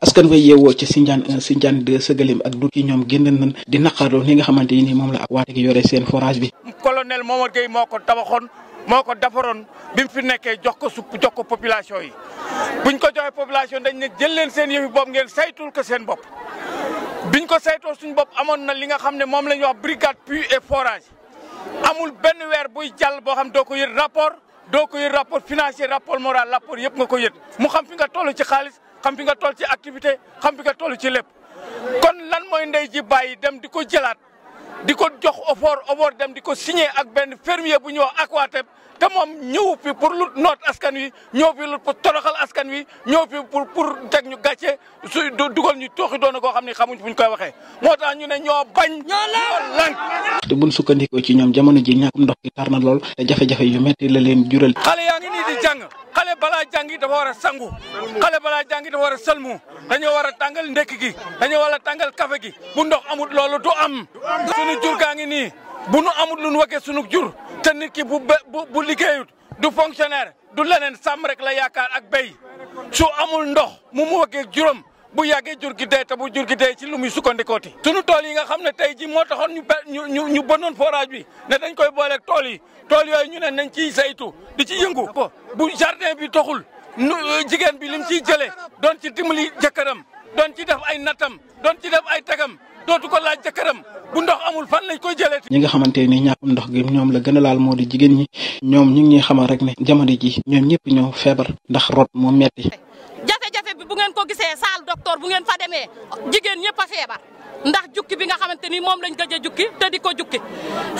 askan way yeewoo ci Sindiane 1 Sindiane 2 Sëgëlim ak Duki ñoom génn nañ di naqarlu ni nga xamante ni moom la ak waate gi yore seen forage bi colonel Momar Gueye moo ko tabaxoon moo ko defaroon bi mu fi nekkee jox ko su jox ko population yi buñ ko joxee population dañ ne jël leen seen yëfi bopp ngeen saytul ko seen bopp biñ ko saytoo suñ bopp amoon na li nga xam ne moom la ñuy wax brigade puits et forage amul benn weer buy jàll boo xam doo ko yët rapport doo k yët rapport financier rapport moral yëpp nga ko yët mu xaalis xam fi nga toll ci activité xam fi nga toll ci lepp kon lan moy ndey ji bàyyi dem diko ko diko jox offort offort dem diko signer ak ben fermier bu ñu wax aquatep te mom ñew fi pour lu note askan wi ñew fi lu pour toroxal askan wi ñew fi pour pour tek ñu gatché su dugal ñu toxi doona koo xamni xamuñ fuñ koy waxé motax ñu né ño bañ ci ñom jamono ji ndox tarna te jafé jafé yu metti la leen jural xalé yaangi di jàng xale balaa jàngi dafa war a sangu xale balaa jàngi dafa war a sëlmu dañoo war a tàngal ndekki gi dañoo war a tàngal kafe gi bu ndox amul loolu du am suñu jur gaa ngi nii bu nu amul lu nu waggee suñu jur te nit ki bu bu liggéeyut du fonctionnaire du leneen sàmm rek la yaakaar ak béy su amul ndox mu mu waggee juróom bu yàggee jur gi dee te bu jur gi dee ci lu muy sukkandikooti sunu tool yi nga xam ne tey ji moo taxoon ñu ñu ñu bënoon forage bi ne dañ koy booleeg tool yi tool yooyu ñu ne nañ ciy saytu di ci yëngu bu jardin bi toxul nu euh, jigéen bi lim ciy jële doon ci dimbali jëkkëram doon ci def ay natam doon ci def ay tegam dootu ko laaj jëkkëram bu ndox amul fan lañ koy jëlee. ñi nga xamante ni ñàkkum ndox gi ñoom la gën a laal moo di jigéen ñi ñoom ñu ngi ñuy xamal rek ne jamono ji ñoom ñëpp ñoo feebar ndax rot moo metti bu ngeen ko gisee sal docteur bu ngeen fa demee jigéen ñëpp a feebar ndax jukki bi nga xamante ni moom lañ gëj a jukki te di ko jukki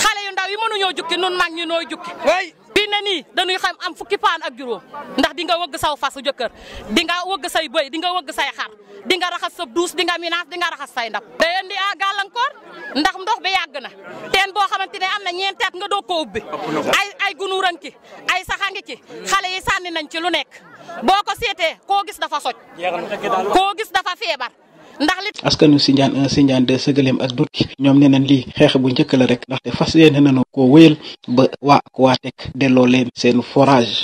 xale yu ndaw yi mënuñoo jukki nun mag ñi nooy jukki way fii ne nii dañuy xam am fukki paan ak juróom ndax di nga wëgg saw fasu jëkkër di nga wëgg say bëy di nga wëgg say xar di nga raxas sa duus di nga minaas di nga raxas say ndab day indi a gàllankoor ndax ndox bi yàgg na teen boo xamante ne am na ñeenti nga doo ko ubbi ay ay gunuuran ki ay saxangi ci xale yi sànni nañ ci lu nekk boo ko seetee koo gis dafa soj koo gis dafa feebar ndax li askanu Sindiane 1 Sindiane 2 Sëgaleem ak Dutki ñoom nee nañ lii xeex bu njëkk la rek ndaxte fas yéene nañu koo wéyal ba waa waa Tek delloo leen seen forage